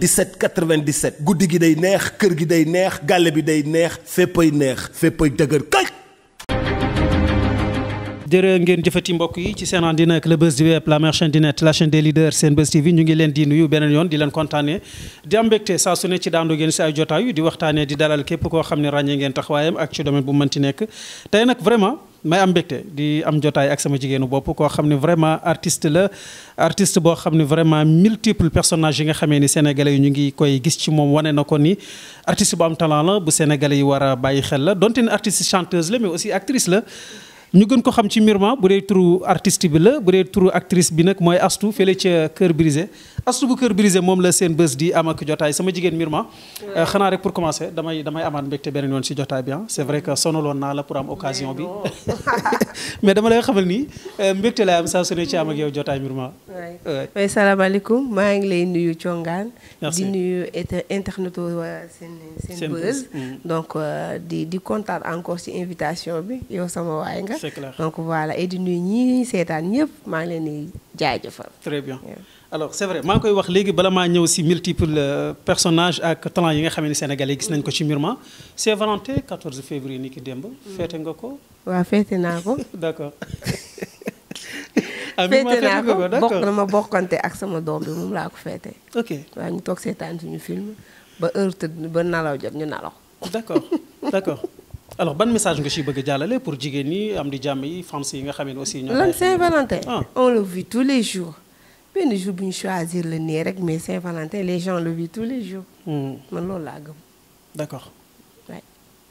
97 97 guddi gi day neex kër gi day neex gàlle bi day neex féppay neex féppay dëgër kay. jërë ngeen jëfati mbokk yi ci seen àndina ak le buzz du web la chaîne du net la chaîne des leaders Senbuzz ñu ngi leen di nuyu beneen yoon di leen kontaanee di am mbégte saa su ne ci daandu ngeen si ay jotaayu di waxtaanee di dalal képp koo xam ne ràññee ngeen taxawaayam ak ci domaine bu mënti nekk tey nag vraiment. may am mbégte di am jotaay ak sama jigéenu bopp koo xam ne vraiment artiste la artiste boo xam ne vraiment multiple personnage yi nga xamee ni sénégalais yi ñu ngi koy gis ci moom wane na ko ni artiste bu am talent la bu sénégalais yi war a bàyyi xel la donte ne artiste chanteuse la mais aussi actrice la ñu gën ko xam ci Myrma bu dee turu artist bi la bu dee turu actrice bi nag mooy Astou fële ca Cœur Brisé Astou bu kër Brisé moom la seen bés di am ak jotaay sama jigéen Myrma. Euh, xanaa rek pour commencer damay damay amaat mbégte beneen yoon si jotaay bi ah c'est vrai que sonaloon naa la pour am occasion bi mais dama lay xamal nii euh, mbégte lay am saa su ci am ak yow jotaay Myrma. waay salaamaaleykum maa ngi lay nuyu Congaan. di nuyu internet euh, seen seen bés. Mm. donc di di kontaan encore ci invitation bi yow sama waay c'est clair donc voilà et di nuyu ñii seetaan ñëpp maa ngi leen di jaajëfal. très bien alors c'est vrai maa ngi koy wax léegi bala maa ñëw si multiple euh, personnages ak talent yi nga xam ne Sénégalais gis nañ ko ci Murma Saint-Valentin 14 février ni ki démb. féete nga ko. waa féete naa ko. d'accord. féete naa ko bokk na ma bokkante ak sama doom bi moom laa ko féete. ok waaw ñu toog seetaan suñu film ba heure tëdd ba nalaw jot ñu nalaw. d'accord. alors ban message nga ciy bëgg jàllale pour jigéen ñi am di jàmm yi fans yi nga xam ne aussi. ñoo lan Saint-Valentin ah. on le vit tous les jours. benn jour bu ñu choisir le nii rek mais Saint-Valentin les gens le vivent tous les jours. Hmm. man loolu laa gëm. d'accord.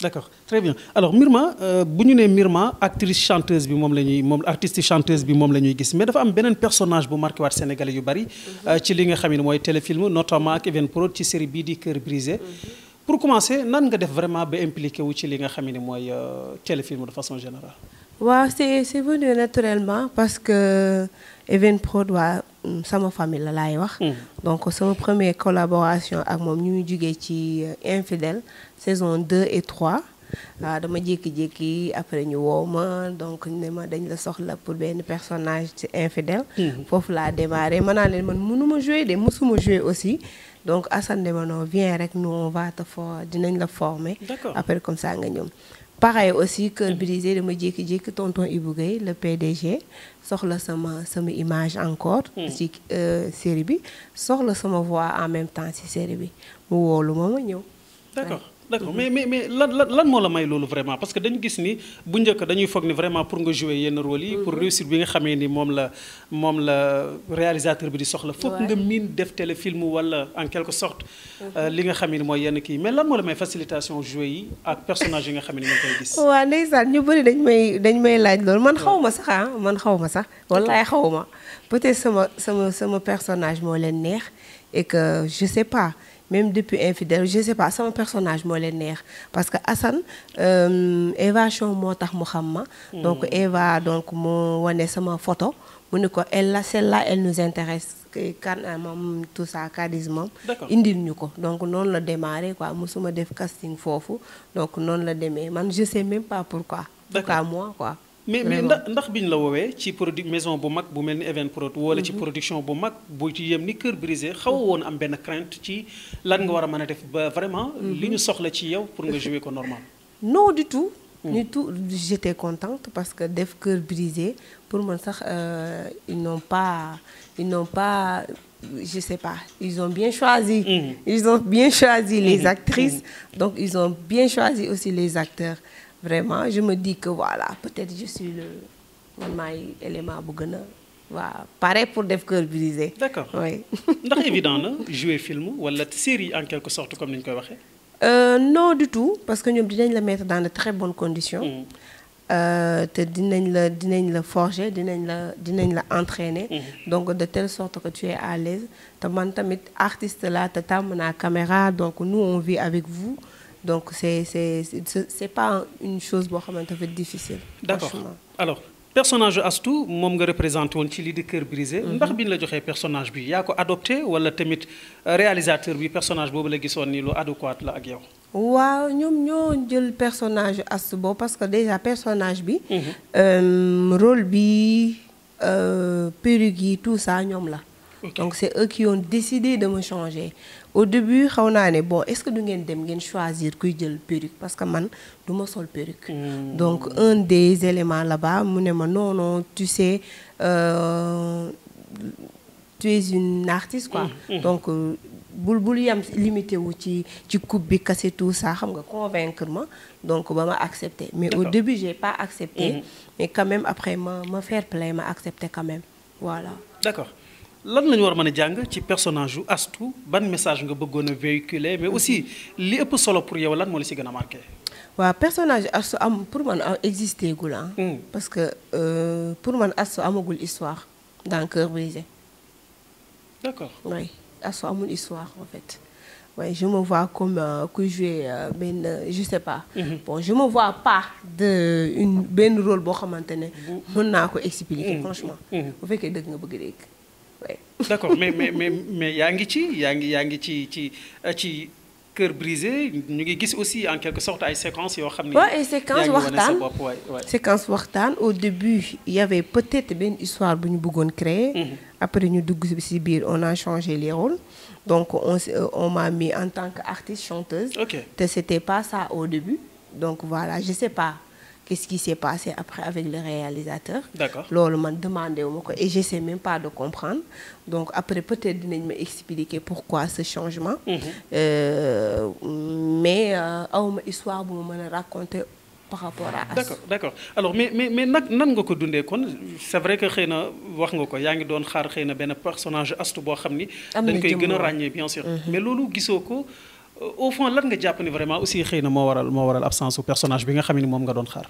d'accord très bien alors Myrma euh, bu ñu nee Myrma actrice chanteuse bi moom la ñuy moom artiste chanteuse bi moom la gis mais dafa am beneen personnage bu marqué waat sénégalais yu bari. Mhm. Euh, ci li nga xam ne mooy téléfilm notamment ak Even Prod ci bii di Cœur brisé. Mhm. pour commencer nan nga def vraiment ba impliqué wu ci li nga xam ne mooy euh, téléfilm de façon générale. waaw c'est c'est venu naturellement parce que euh, Even Prod waa mm, sama famille la laay wax. Hmm. donc sama première collaboration ak moom ñu ngi jugee ci euh, Infidèles saison deux et 3. Ah, dama jékki-jékki après ñu woow ma donc ne ma dañ la soxla pour benn personnage ci infidèle mhm. foofu laa démarré ma naa leen man mënuma jouer de mësuma jouer aussi donc Assane dema non viens rek nous on va for dinañ la former après comme saa nga ñëw pareil aussi Cœur mhm. brisé dama jékki-jékki tonton Ibou Gueye le PDG soxla sama sama image encore mhm. ci euh, série bi soxla sama voix en même temps ci série bi mu woolu ma ma ñëw d'accord mais mais mais lan lan lan moo la may loolu vraiment parce que dañu gis ni bu njëkk dañuy foog ni vraiment pour nga jouer yenn rôle yi. pour mm-hmm. réussir bi nga xamee ni moom la moom la réalisateur bi di soxla. foog nga miin def téléfilm wala en quelque sorte. Mm-hmm. Euh, li nga xam ni mooy yenn kii mais lan moo la may facilitation jouer yi ak personnage yi nga xam ni nga koy gis. waaw ndeysaan ñu bëri dañ may dañ may laaj loolu man xaw ma sax ah man xaw ma sax wallaay xaw ma peut-être sama sama sama personnage moo leen neex et que je sais pas. même depuis infidèle je sais pas sama personnage moo leen neex parce que Assane euh, Eva Show moo tax mu xam ma hmm. donc Eva donc mu wane sama photo mu ne ko elle la celle-là elle nous intéresse kan euh, moom tout ça kadis moom ñu ko donc noonu la démarré quoi ma def casting foofu donc noonu la demee man je sais même pas pourquoi pourquoi moi quoi mais mais ndax ndax biñ la woowee ci produit maison bu mag bu mel ni Evenprod wala ci mhm. production bu mag bu ci yem ni kër Brisé xaw mhm. woon am benn crainte ci lan nga war a mën a def ba vraiment. Mhm. li ñu soxla ci yow pour nga jouer ko normal. non du tout. Mm. du tout j'étais contente parce que def Cœur Brisé pour man sax euh, ils n'ont pas ils n'ont pas. je sais pas ils ont bien choisi. Mmh. ils ont bien choisi mmh. les mm. actrices. Mmh. donc ils ont bien choisi aussi les acteurs vraiment je me dis que voilà peut-être je suis le man maay élément bu gën a waaw pare pour def cœur brisé. d'accord oui. ndax évident na jouer film wala série en quelque sorte comme ni ñu koy waxee. Euh, non du tout parce que ñoom dinañ la mettre dans de très bonnes conditions. Mm. Euh, te dinañ la dinañ la forger dinañ la dinañ la entraîner. Mm. donc de telle sorte que tu à l'aise te man tamit artiste la te tàmm naa caméra donc nous on avec vous. donc c'est c'est c'est pas une chose boo xamante dafa difficile. d'accord alors personnage Astou moom nga représenté woon ci lii di kër brisé. Mhm. ndax bi ñu la joxee personnage bi yaa ko adopté wala tamit euh, réalisateur bi personnage boobu la gisoon ni lu adéquat la ak yow. waaw ñoom ñoo jël personnage Astou boobu parce que déjà personnage bi. Mhm. Euh, rôle bi euh, perruque yi tout ça ñoom la. Okay. donc c'est eux qui ont décidé changer au début xaw naa ne bon est-ce que du ngeen dem ngeen choisir kuy jël perruque parce que man du ma sol perruque. Hmm. donc un des éléments la bas mu ne ma non non tu sais. Euh, tu es une artiste quoi hmm, hmm. donc euh, bul bul yam limité wu ci ci coupe bi kase tout ça xam nga convaincre ma donc ba ma accepté mais au début j'ai pas accepté mmh. mais quand même après ma ma fair play ma accepté quand même voilà lan la ñu war mën a jàng ci personnage yu Astou ban message nga bëggoon a véhiculer mais aussi li ëpp solo pour yow lan moo la si gën a marqué. waaw personnage Astou am pour man existé gul ah. ah. Hmm. parce que euh, pour man Astou amagul histoire dans Cœur brisé. d' accord oui Astou amul histoire en fait. oui je me vois comme euh, que jouer euh, benn euh, je sais pas. Mm bon je me vois pas de une benn role boo xamante ne. Mm-hmm. mën naa ko expliquer. Mm -hmm. franchement bu mm-hmm. fekkee dëgg nga bëgg dégg. d'accord mais mais mais mais yaa ngi ci yaa ngi yaa ngi ci ci ci cœur brisé ñu ngi gis aussi en quelque sorte ay séquences yoo xam ne. waaw ay séquences waxtaan séquence waxtaan au début il y peut-être benn histoire bu ñu bëggoon créer. Mhm. après ñu dugg si biir on a changé les rôles. donc on euh, on m'a mis en tant qu'artiste chanteuse. ok te c'était pas ça au début. donc voilà je sais pas. qu'est-ce qui s'est passé après avec le réalisateur. d'accord loolu man demandé wu ma ko et j'essaie même pas de comprendre donc après peut-être dinañ ma expliquer pourquoi ce changement. Mm -hmm. euh, mais euh, awma histoire bu ma mën a raconter. par rapport à d'accord d'accord alors mais mais mais nag nan nga ko dundee kon c'est vrai que xëy na wax nga ko yaa ngi doon xaar xëy na benn personnage astu boo xam ni. dañ koy gën a ràññee bien sûr. Mm-hmm. mais loolu gisoo ko. au fond lan nga jàpp ni vraiment aussi xëy na moo waral moo waral absence su personnage bi nga xam ni moom nga doon xaar.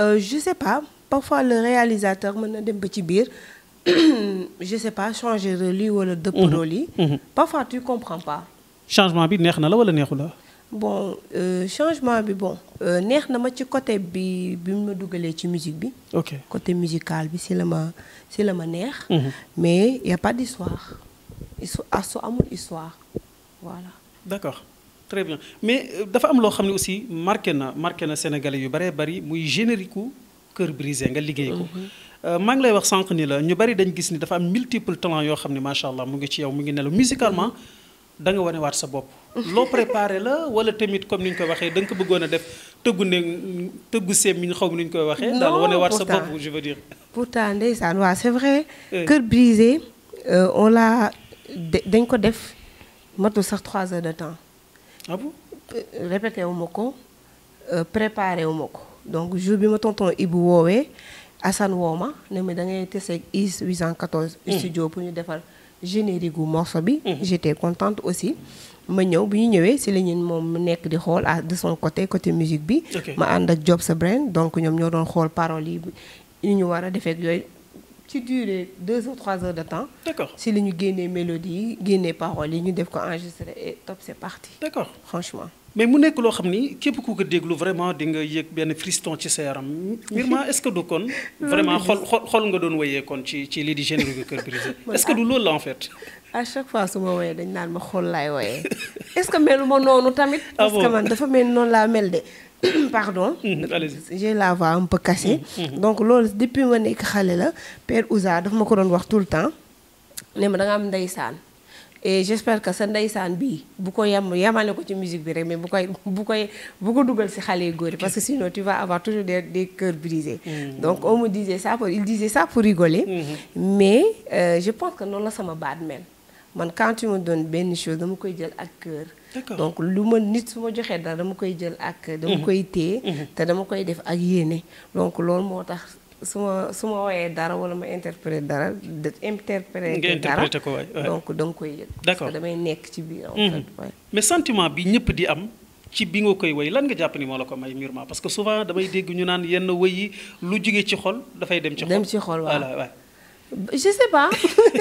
Euh, je sais pas parfois le réalisateur mën na dem ba ci biir je sais pas changer mhm. rôle yi wala dëpp rôle yi. parfois tu comprends pas. changement bi neex na la wala neexu la. bon euh, changement bi bon euh, neex na ma ci côté bi bi mu ma dugalee ci musique bi ok côté musical bi si la ma si la ma neex mhm. mais y a pas d'histoire histoire ah, su amul histoire très bien mais euh, dafa am loo xam ne aussi marqué na marqué na sénégalais yu baree bari muy générique kër cœur nga liggéey ko. Mhm. Euh, maa ngi lay wax sànq ni la ñu bari dañ gis ni dafa am multiple talent yoo xam ne macha allah mu ngi ci yow mu ngi nelaw musicalement mhm. da nga wane waat sa bopp. loo préparé la wala tamit comme ni ñu koy waxee danga ko bëggoon a def tëggu ne tëggu seem mi ñu xaw ni ñu koy waxee. daal wane waat sa bopp je veux dire. pourtant ndeysaan waaw c'est vrai. cœur brisé euh, on l'a dañ ko def matul sax 3 heures de temps. ah bon wu ma ko préparé wu ma ko donc jour bi ma tonton Ibou woowee assan woo ma ne ma da ngay tese ak IS 814. Hmm. studio pour ñu defar générique gu morceau bi. Hmm. j'étais contente aussi. ma ñëw bi ñu ñëwee si la moom mu nekk di xool à de son côté côté musique bi. ma ànd ak Job sa brain donc ñoom ñoo doon xool paroles yi ñu war a defee ak yooyu. ci durée deux ou trois heures de temps. d'accord si la ñu génnee mélodie yi génnee yi ñu def ko enregistré et top c'est parti. d'accord franchement. mais mu nekk loo xam ni képp ku ko déglu vraiment di nga yëg benn friston ci sa yaram Myrma est kon. vraiment xol xol xol nga doon woyee kon ci ci lii di généraux du cœur brisé. loolu la en fait. à chaque fois su ma woyee dañ naan ma xol laay woyee est-ce ma noonu tamit. Ah parce man dafa mel noonu laa mel de. pardon j'ai la voix un peu cassée mm, mm, mm. donc loolu depuis ma nekk xale la Père Ouza daf ma ko doon wax tout le temps ne ma da nga am ndeysaan et j'espère que sa ndeysaan bi bu ko yem yemale ko ci musique bi rek mais bu koy bu koy bu ko dugal si xale yu góor yi parce que sinon tu vas avoir toujours des des cœurs brisés. donc on me disait ça pour il disait ça pour rigoler. Mm-hmm. mais euh, je pense que noonu la sama baat mel. man quand tu me benn chose dama koy jël ak cœur. donc lu ma nit su ma joxee dara dama koy jël ak dama mhm. koy téye mhm. te dama koy def ak yéene donc loolu moo tax. su ma su ma wooyee dara wala ma interpréter dara de interpréter dara donc da nga koy yëg. d'accord damay nekk ci biir. en mhm. fait bi ñëpp di am ci bi nga koy woy jàpp ni la ko may mûrement parce que souvent damay dégg ñu naan yenn woy yi lu jugee ci xol dafay dem. ci xol dem ci xol waaw je sais pas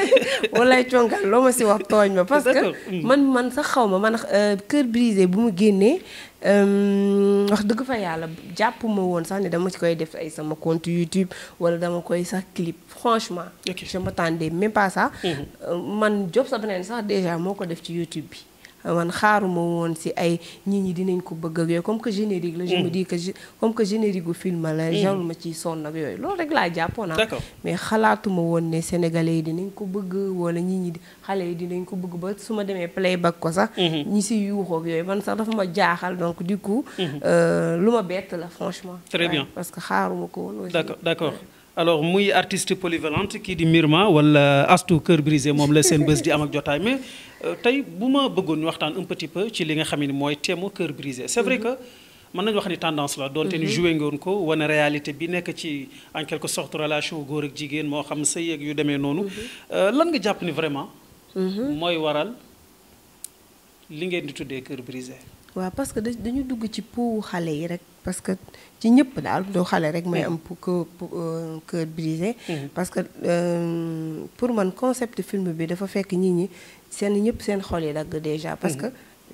walaay loo ma si wax tooñ ma parce que mm. man man sax xaw ma man kër euh, brisé bu mu génnee euh, wax dëgg fa yàlla jàppuma woon sax ne dama ci koy def ay sama compte YouTube wala dama koy sax clip franchement je m'attendais même pas ça mm-hmm. euh, man job sa beneen sax déjà moo ko def ci YouTube bi man xaaruma woon si ay nit ñi dinañ ko bëgg ak yooyu comme que générique la. je mm. comme que générique gu film la. Mm. jarul ma ciy sonn ak yooyu loolu rek laa jàppoon ah. mais xalaatuma woon ne sénégalais yi dinañ ko bëgg wala nit ñi di xale yi dinañ ko bëgg ba su ma demee playback ko sax. Mm-hmm. ñi si yuuxoo ak yooyu man sax dafa ma jaaxal donc du coup. Mm-hmm. Euh, lu ma bett la franchement. très bien parce que xaaruma ko woon. d'accord alors muy artiste polyvalente kii di Myrma wala Astou kër Brisé moom la seen bés di am ak jotaay mais euh, tey bu ma bëggoon ñu waxtaan un petit peu ci li nga xam ni mooy thème kër Cœur Brisé c'est vrai que. mën nañu wax ni tendance la doonte ni mhm. joué ngoon ko wane réalité bi nekk ci en quelque sorte góor ak jigéen moo xam sa ak yu demee noonu mhm. euh, lan nga jàpp ni vraiment mhm. mooy waral li ngeen di tuddee kër brisé waaw parce que dañu dugg ci pou xale yi rek parce que ci ñëpp daal doo xale rek mooy am pour euh, cœur brisé mm-hmm. parce que euh, pour man concept film bi dafa fekk nit ñi seen ñëpp seen xol yi dagg déjà parce mm-hmm. que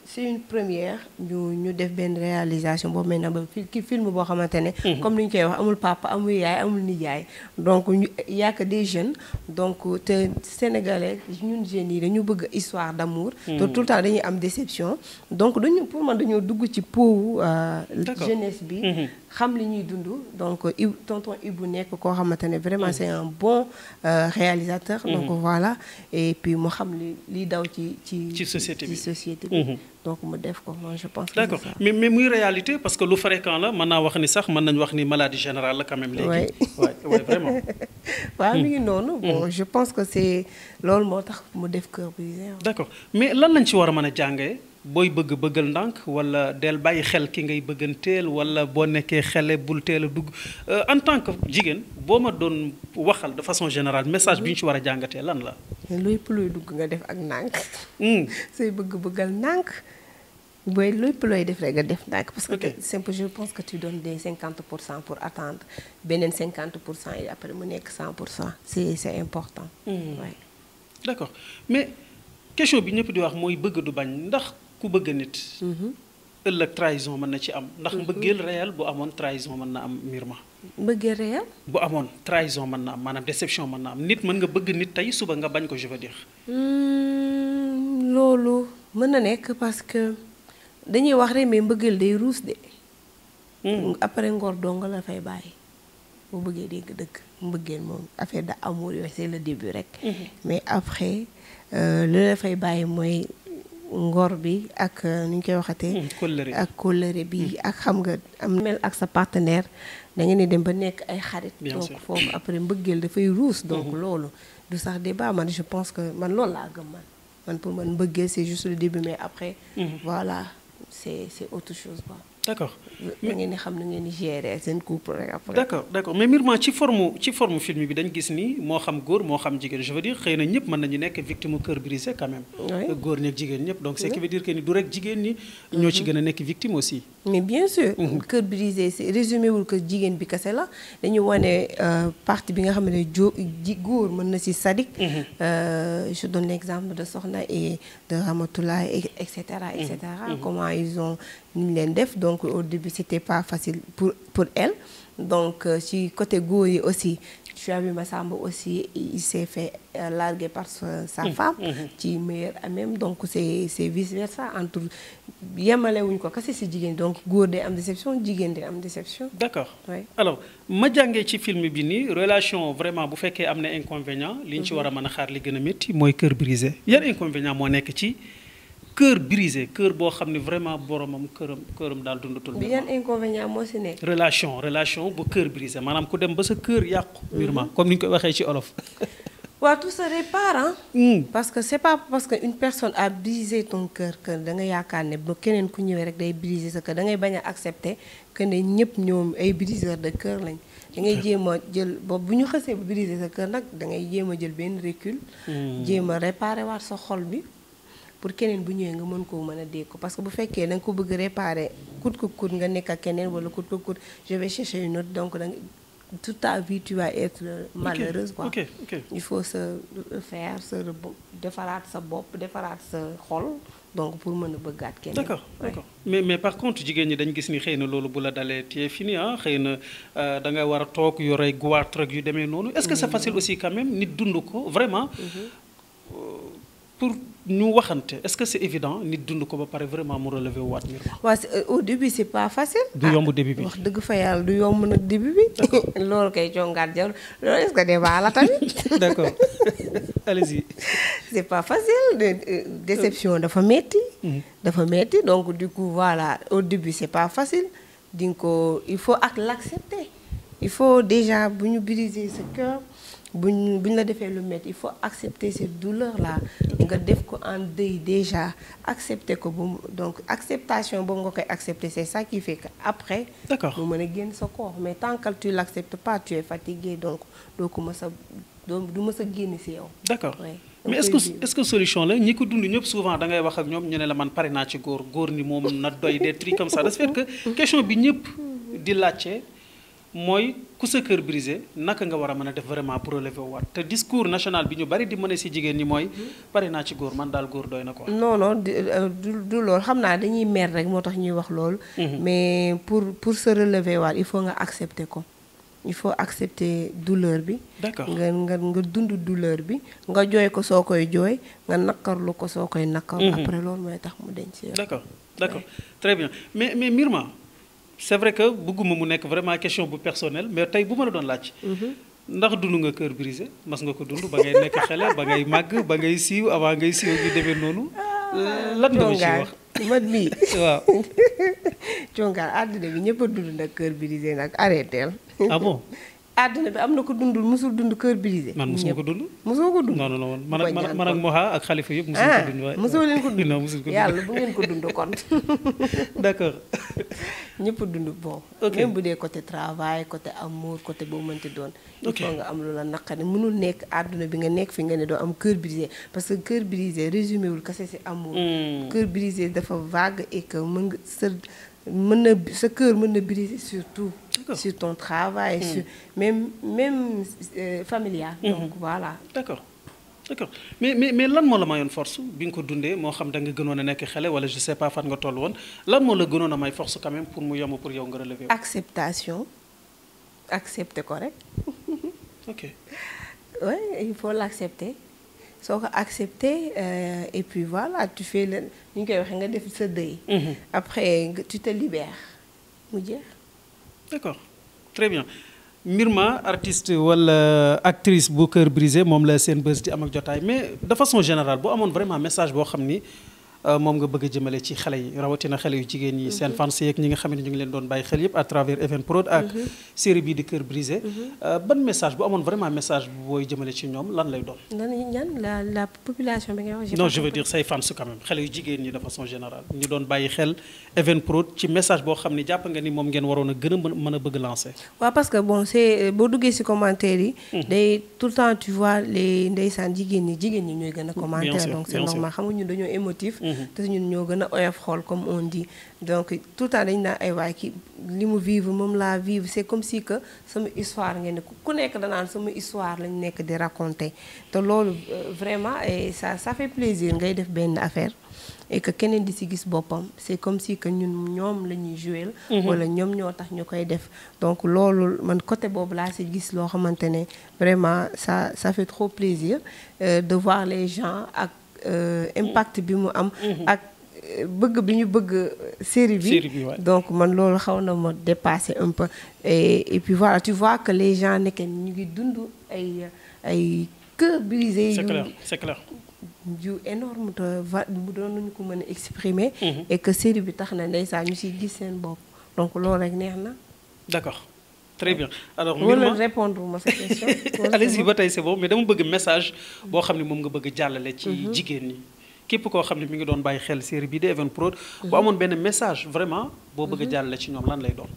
c'est une première ñu ñu def benn réalisation boo mel ne ba ki film boo xamante ne. Mhm. comme ni ñu koy wax amul papa amul yaay amul nijaay donc ñu yàq des jeunes donc te sénégalais ñun jeunes yi dañu bëgg histoire d'amour. Mhm. te tout le temps dañuy am déception donc dañu pour ma dañoo dugg ci powu euh, jeunesse bi. Mhm. xam li ñuy dund donc tonton Ibou nekk koo xamante ne vraiment mm. c'est un bon euh, réalisateur mm. donc voilà et puis mu xam li li daw ci ci ci société bi société bi mm-hmm. donc mu def ko moi je pense d'accord mais mais muy réalité parce que lu fréquent la mën naa wax ni sax mën nañu wax ni maladie générale la quand même léegi waaw vraiment ngi mm. noonu bon mm-hmm. je pense que c'est loolu moo tax mu def cœur brisé d'accord mais lan lañ ci war a mën a jàngee booy bëgg bëggal ndànk wala del bàyyi xel ki ngay teel wala boo nekkee xele bul teel a dugg euh, en tant que jigéen boo ma doon waxal de façon général message bi ñu ci war a jàngatee lan la. lépp looy dugg nga def ak ndànk. Hmm. say bëgg bëggal ndànk. booy lépp looy def def ndànk. parce que simple je pense que tu des 50 pour cent pour attendre beneen 50 pour cent yi après mu nekk 100 pour cent c'est c'est important. Hmm. d'accord mais question bi ñëpp di wax mooy bëgg du bañ ndax. ku bëgg nit mhm. ëllëg trahison mën na ci am ndax mhm. mbëggeel réel bu amoon trahison mën na am mbir ma mbëggeel réel bu amoon trahison man na am maanaam déception mën na am nit mën nga bëgg nit tey suba nga bañ ko je veux dire hmm, loolu mën na nekk parce que dañuy wax rek mais mbëggeel day ruus de hmm. après ngor dong la fay bàyyi boo bëggee dégg dëgg mbëggeel moom affaire da amour yooyu c'est le début rek mhm. mais après li euh, la fay bàyyi mooy ngor bi ak euh, nu ñu koy waxatee. Hmm, ak kóllëre bi hmm. ak xam nga am mel ak sa partenaire da ngeen di dem ba nekk ay xarit. donc foofu après mbëggeel dafay ruus. Hmm. donc loolu du sax débat man je pense que man loolu laa gëm man man pour man mbëggeel c'est juste le début mais après. voilà c'est c'est autre chose quoi. d' accord mais ngeen xam ne ngeen di gérer ci forme ci forme film bi dañ gis ni moo xam góor moo xam jigéen je veux dire xëy na ñëpp mën nañu nekk victime cœur brisé quand même. góor ñeeg jigéen ñëpp donc ce qui veut dire que du rek jigéen ñi. ñoo ci mhm. gën a nekk victime aussi. mais bien sûr. Mm-hmm. cœur brisé c'est résumé wul que jigéen bi kese la dañu wane euh, partie bi nga xam ne jo ji góor mën na si sadik. Mm-hmm. Euh, je donne exemple de Soxna et de Ramatoulaye et cetera et mm-hmm. cetera. comment ils ont ñu leen def donc au début c'était pas facile pour pour elle donc ci euh, côté góor yi aussi. Cheikh Massamba aussi il s'est fait euh, larguer par sa mm-hmm. femme ci mm-hmm. meilleur amem donc c'est c'est vice versa entre yemale wuñ ko kese si jigéen donc góor de am déception jigéen day am déception d'accord alors ma jàngee ci film bi ni relation vraiment bu fekkee am na inconvénient li ñu ci mm-hmm. war a mën a xaar li gën a métti mooy kër brisé yan inconvénient moo nekk ci cœur brisé kër boo xam ne vraiment boromam këram këram daal dundatul. bi yan inconvénient moo si nekk. relation relation bu kër brisé maanaam ku dem ba sa kër yàqu. mûrement mhm. comme ni ñu ko waxee ci olof. waaw tout se répare mm. parce que c'est pas parce que une personne a brisé ton cœur que da nga yaakaar ne ba keneen ku ñëwee rek day briser sa cœur da ngay bañ a accepter que ne ñëpp ñoom ay briseur de kër lañ. da ngay jéem a jël boobu bu ñu xasee ba briser sa kër nag da ngay jéem a jël benn recul. Mm. jéem a réparer waat sa xol bi. pour keneen bu ñëwee nga mën koo mën a dégg ko parce que bu fekkee da ko bëgg réparer coûte que coûte nga nekk ak keneen wala coûte que coûte je chercher une autre donc da toute ta vie tu vas être malheureuse quoi il faut se faire se defaraat sa bopp defaraat sa xol donc pour mën a bëggaat kenn. d'accord d'accord mais mais par contre jigéen ñi dañ gis ni xëy na loolu bu la dalee tey fii nii ah xëy na euh, da war a toog yore guwaat rek yu demee noonu. est-ce que c'est mm-hmm. facile aussi quand même nit dund ko vraiment. Mm-hmm. pour ñu waxante est-ce que c'est évident nit dund ko ba pare vraiment mu relever wu waat miroir. waaw euh, au début c'est pas facile. du yomb début bi ah, wax dëgg fa yàlla du yomb nag début bi. loolu kay jongaat jarul loolu est-ce que débat la tamit. d'accord allez-y. c'est pas facile euh, déception dafa metti mm-hmm. dafa metti donc du coup voilà au début c'est pas facile di ko il faut ak l'accepter il faut déjà bu ñu briser ce cœur. buñ buñ la defee lu métti il faut accepter cette douleur là nga def ko en deuil déjà accepter ko bu donc acceptation boobu nga koy accepter c'est ça qui fait après d'accord mu mën a génn sa corps mais tant que tu l'acceptes pas tu es fatigué donc doo ko mës a doo du mës a génn si yow d'accord mais est-ce que est-ce que solution la ñi ko dund ñëpp souvent da ngay wax ak ñoom ñu ne la man pare naa ci góor góor ni moom na doy des trucs comme ça de ce di laajte ku sa cœur brisé naka nga war a mën a def vraiment pour relever waat te discours national bi ñu bari di mën si jigéen ñi mooy pare naa ci góor man daal góor doy na ko non non euh, du du xam naa dañuy mer rek moo tax ñuy wax loolu mhm. mais pour pour se relever waat il faut nga accepter ko il faut accepter douleur bi nga nga nga dund douleur bi nga jooy ko soo koy jooy nga naqarlu ko soo koy naqar mhm. après loolu mooy tax mu denc d'accord d'accord très bien c'est vrai que bëgguma mu nekk vraiment question bu personnelle mais tey bu ma la doon laaj. Mhm. ndax dund nga kër brisé mas nga ko dund ba ngay nekk xale ba ngay màgg ba ngay siiw avant ngay siiw gi demee noonu. Ah, lat nga ma ci wax man mii waaw. congaan àddina bi ñëpp a dund nag cœur brisé nag arrêté ah bon. àddina bi am na ko dundul musul dund kër brisé. man musuma ko dund. musuma ko dund. non non non man ak man ak Moha ak Khalifa yëpp. musul ko ah, dund waaye musul leen ko dund. non musul ko dund yàlla bu ngeen kon. d'accord. ñëpp dund bon. ok même bu dee côté travail côté amour côté boo mënti doon. ok il faut nga am lu la naqari mënul nekk àdduna bi nga nekk fii nga ne doo am kër brisé parce que cœur brisé résumé wul kese si amour. Hmm. cœur brisé dafa vague et que mën nga mën na sa cœur mën na briser surtout sur ton travail hmm. sur même même euh, familial hmm. donc voilà d'accord d'accord mais mais mais lan moo la mayoon force bi nga ko dundee moo xam da nga gënoon a nekk xale wala je sais fan nga toll woon lan moo la gënoon a may force quand même pour mu yomb pour yow nga relever acceptation accepter ko rek ok oui il faut l'accepter soo ko accepté euh, et puis voilà tu fais le ni ñu koy waxee nga def sa deuil. Mhm. après tu te libères mu jeex. d'accord très bien. Myrma artiste wala actrice bu cœur brisé moom la seen bës di am ak jotaay mais de façon générale boo amoon vraiment message boo xam ni. Euh, moom nga bëgg a jëmale ci xale yi rawatina xale yu jigéen yi seen mhm. fans yeeg ñi nga xam ne ñu ngi leen doon bàyyi xel yëpp à travers Evenprod ak mhm. série bii di Cœur brisé mhm. euh, ban message bu amoon vraiment message booy jëmale ci ñoom lan lay doon lan ñan la dire say fans quand même xale yu jigéen ñi de façon générale ñu doon bàyyi xel Evenprod ci message boo xam ne jàpp nga ni moom ngeen waroon a gën a mën a bëgg lancer waaw parce que bon c'est euh, boo duggee Mm-hmm. te ñun ñoo gën a oyof xool comme on dit donc tout le temps ay waay ki li mu vivre moom laa vivre c'est comme si que sama histoire ngeen ne ku nekk danaan sama histoire lañu nekk di raconter te loolu euh, vraiment et ça fait plaisir ngay def benn affaire et que keneen di si gis boppam c'est comme si que ñun ñoom lañuy ñuy jouer mm-hmm. wala ñoom ñoo tax ñu koy def donc loolu man coté boobu laa si gis loo xamante ne vraiment sa sa fait trop plaisir euh, de voir les gens Euh, impact bi mu am mhm. ak euh, bëgg bi ñu bëgg euh, série bi donc man loolu xaw na ma dépasser un peu et, et puis voilà tu vois que les gens nekk ñu ngi dund ay ay cœur brisé yu c'est yu énorme te va bu doon nañu ko mën a exprimer mhm. que série bi tax na ndeysaan ñu siy gis seen bopp donc loolu rek neex na d'accord très bien alors wala répondre ma question. allez ba tey c'est bon mais dama bëgg message boo xam ne moom nga bëgg jàllale ci mhm. jigéen ñi. képp koo xam ne mu ngi doon bàyyi xel série bi di Evenprod. Mhm. bu amoon benn message vraiment. boo bëgg mhm. jàllale ci ñoom lan lay doon.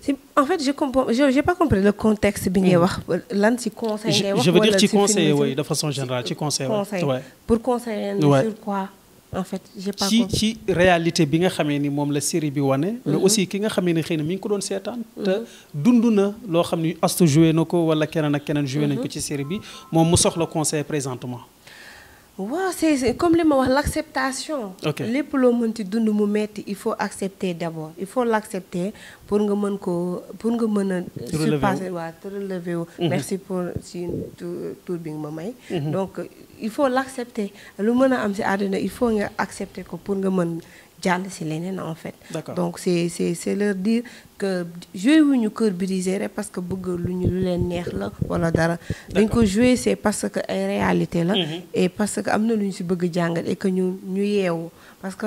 si en fait je comprends je j'ai pas compris le contexte bi ngay wax lan ci conseil. ngay wax wala je veux dire ci conseil oui de façon générale ci conseil. conseil pour conseiller sur quoi. en fait j'ai pas ci ci réalité bi nga xamee ni moom la série bi wane. Mhm. mais aussi ki nga xamee ni xëy na mi ngi ko doon seetaan. Mhm. te dund na loo xam ni Astou joué na ko wala keneen ak keneen. joué nañ mhm. ko ci série bi moom mu soxla conseil présentement. waaw c'est comme li ma wax l'acceptation lépp loo mën ci dund mu metti il faut accepter d'abord il faut l'accepter pour nga mën ko pour nga mën a surpasser waaw te relever wu mhm. merci pour si tour bi nga ma may mhm. donc il faut l'accepter lu mën a am si àddina il faut nga accepter ko pour nga mën jàll si leneen en fait. donc c'est c'est c'est leur dire que joué wuñu cœur brisé rek parce que bëgg lu ñu lu leen neex la wala dara. dañ ko joué c'est parce que ay réalité la. Mm-hmm. et parce que am na lu ñu si bëgg jàngal et que ñu ñu yeewu parce que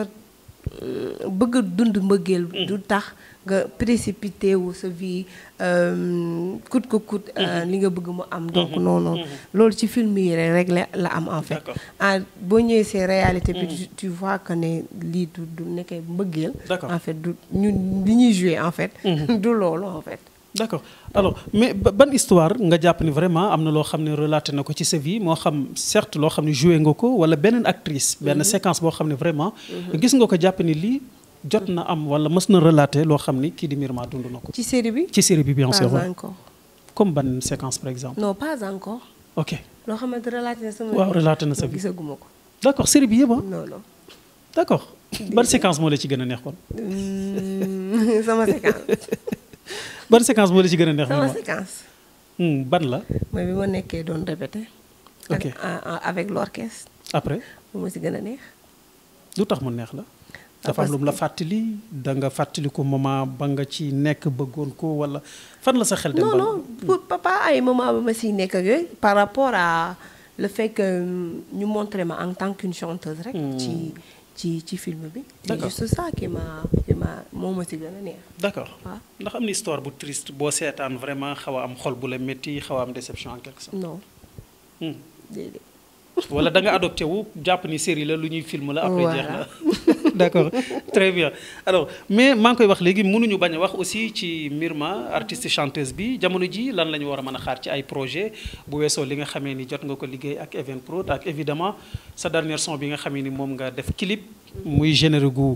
euh, bëgg dund mbëggeel mm. du tax. nga précipité wu sa vie euh, coûte ko coûte euh, mhm. li nga bëgg mu am. donc mhm. non mhm. loolu ci film yi rek la am en fait. ah boo ñëwee see réalité bi tu vois que ne lii du du nekkee mbëggeel. en fait du ñun ñuy joué en fait. du loolu en fait. d' accord alors mais ban histoire nga jàpp ni vraiment am na loo xam ne relaté na ko ci sa vie moo xam certes loo xam ne joué nga ko wala beneen actrice. benn séquence boo xam ne vraiment. gis nga ko jàpp ni lii. jot na am wala mës na loo xam ni kii di Mirma dund na ko. ci série bi ci série bi bien sûr. pas comme ban séquence par exemple. non loo xamante relater na sama. waaw relater na sa bi ko. d' accord bi yëpp ah. non accord hmm, ban séquence moo la ci gën a neex kon. séquence. ban la ci gën a neex. ban la. mooy bi ma nekkee doon répété. ok ak avec l' après. moo ma si gën a neex. lu tax mu neex la. dafa am mu la fàttali da nga ko moment ba nga ci nekk bëggoon ko wala fan la sa xel. dem non non pour papa ay moment ba ma siy nekk ak par rapport à le fait ñu montré ma en tant qu'une chanteuse rek. Hmm. ci ci ci film bi. c'est juste ça m'a qui m'a moo ma si gën a neex. d'accord ndax am na histoire bu triste boo seetaan vraiment xaw a am xol bu la métti xaw a am déception en quelque sorte. non. Hmm. déedéet. wala da nga adopté wu jàpp ni série la lu ñuy film la. après jeex na. d'accord très bien alors mais maa ngi koy wax léegi mënuñu bañ a wax aussi ci Myrma artiste chanteuse bi jamono ji lan la ñu war a mën a xaar ci ay projet bu weesoo li nga xamee ni jot nga ko liggéey ak Evenprod ak évidemment sa dernière son bi nga xamee ni moom nga def clip muy généré gu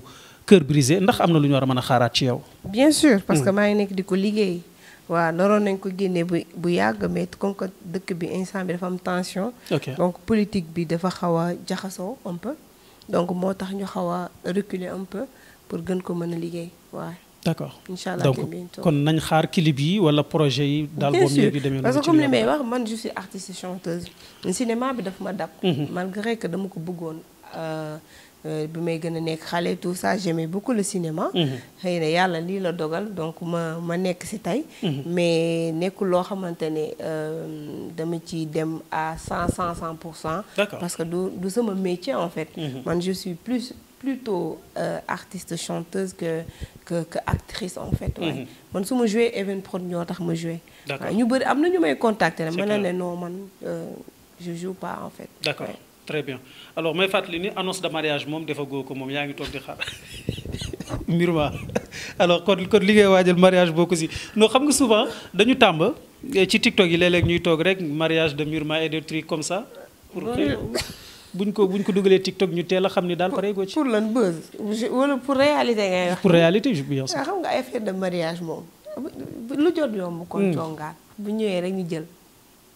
kër brisé ndax am na lu ñu war a mën a xaaraat ci yow. bien sûr parce hmm. que maa ngi nekk di ko liggéey. waaw naroon nañ ko génne bu bu yàgg mais comme que dëkk bi instant bi dafa am tension. bi dafa xaw a jaxasoo donc moo tax ñu xaw a reculer un peu pour gën ko mën a liggéey waaw. d' accord incha allah donc kon nañ xaar clip yi wala projet yi. daal boobu ñu ngi demee parce que comme li may wax man je suis artiste chanteuse. cinéma bi daf ma dab. Mhm. malgré que dama ko bëggoon. Euh, Euh, bi may gën a nekk xale tout ça j'aimais beaucoup le cinéma. Mm-hmm. xëy na yàlla lii la dogal donc ma ma nekk si tey. Mm-hmm. mais nekkul loo xamante ne euh, dama ci dem à cent cent cent pour cent. parce que du du sama métier en fait. Mm-hmm. man je suis plus plutôt euh, artiste chanteuse que que que actrice en fait. waaye man su ma joué event prod ñoo tax ma joué. ñu bëri am na ñu may contacter. c' ma ne non man euh, je joue pas en fait. très bien alors may fàttali ni annonce de mariage moom dafa goo ko moom yaa ngi toog di xaar Miroir alors kon kon li ngay waajal mariage boo ko si non xam nga souvent dañu tàmb eh, ci TikTok yi léeg ñuy toog rek mariage de Miroir et des trucs comme ça. pour buñ ko buñ ko dugalee TikTok ñu teel a xam ni daal pare goo ci. pour lan buzz wala pour réalité ngay wax. réalité je bien ah, xam nga ay affaire de mariage moom lu jot yomb. kon hmm. congaan bu ñëwee rek ñu jël.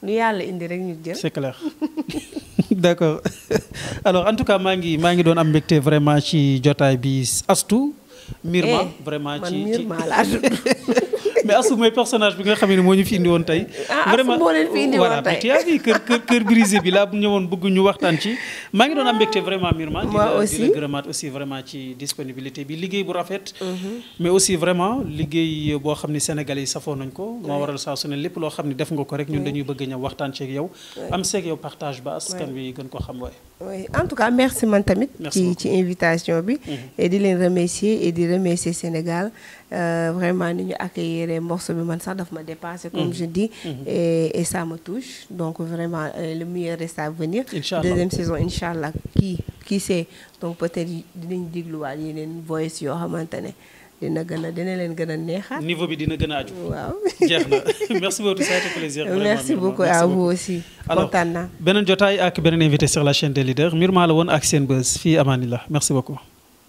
lu yàlla indi rek ñu jël. c'est clair d'accord alors en tout cas maa ngi maa ngi doon am mbégte vraiment ci jotaay bi astu. Myrma eh, vraiment ci man Myrma laa tudd mais Astou personnage bi nga xam ne moo ñu fi indi woon tey. ah Astou moo leen fi indi bi kër kër kër bi laa ñëwoon bëgguñu waxtaan ci. maa ngi doon am mbekk vraiment Myrma. moi aussi di vraiment ci disponibilité bi liggéey bu rafet. Mhm. mais vraiment liggéey boo xam ne Sénégalais yi safoo nañ ko. moo waral saa su ne lépp loo xam ne def nga ko rek ñun dañuy bëgg ñëw waxtaan ci ak yow. am seeg yow partage ba askan wi gën ko xam waaye oui en tout cas merci man tamit. ci ci invitation bi. Mhm. et di leen remercier et di remercier Sénégal euh, vraiment ni ñu accueillir morceau bi man sax def ma dépassé. comme mhm. je dis. Mhm. et et ça me donc vraiment euh, le meilleur reste à venir. deuxième saison incha allah kii kii c'est donc peut-être dinañ dégluwaat yeneen voice yoo xamante ne. dina gën a dina leen gën a neexaat. niveau bi dina gën a aju. waaw jeex na merci beaucoup ça a été plaisir. vraiment merci aussi. kontaan beneen jotaay ak beneen invité sur la chaîne des leaders Murma la woon ak seen Senbuzz fii la merci beaucoup.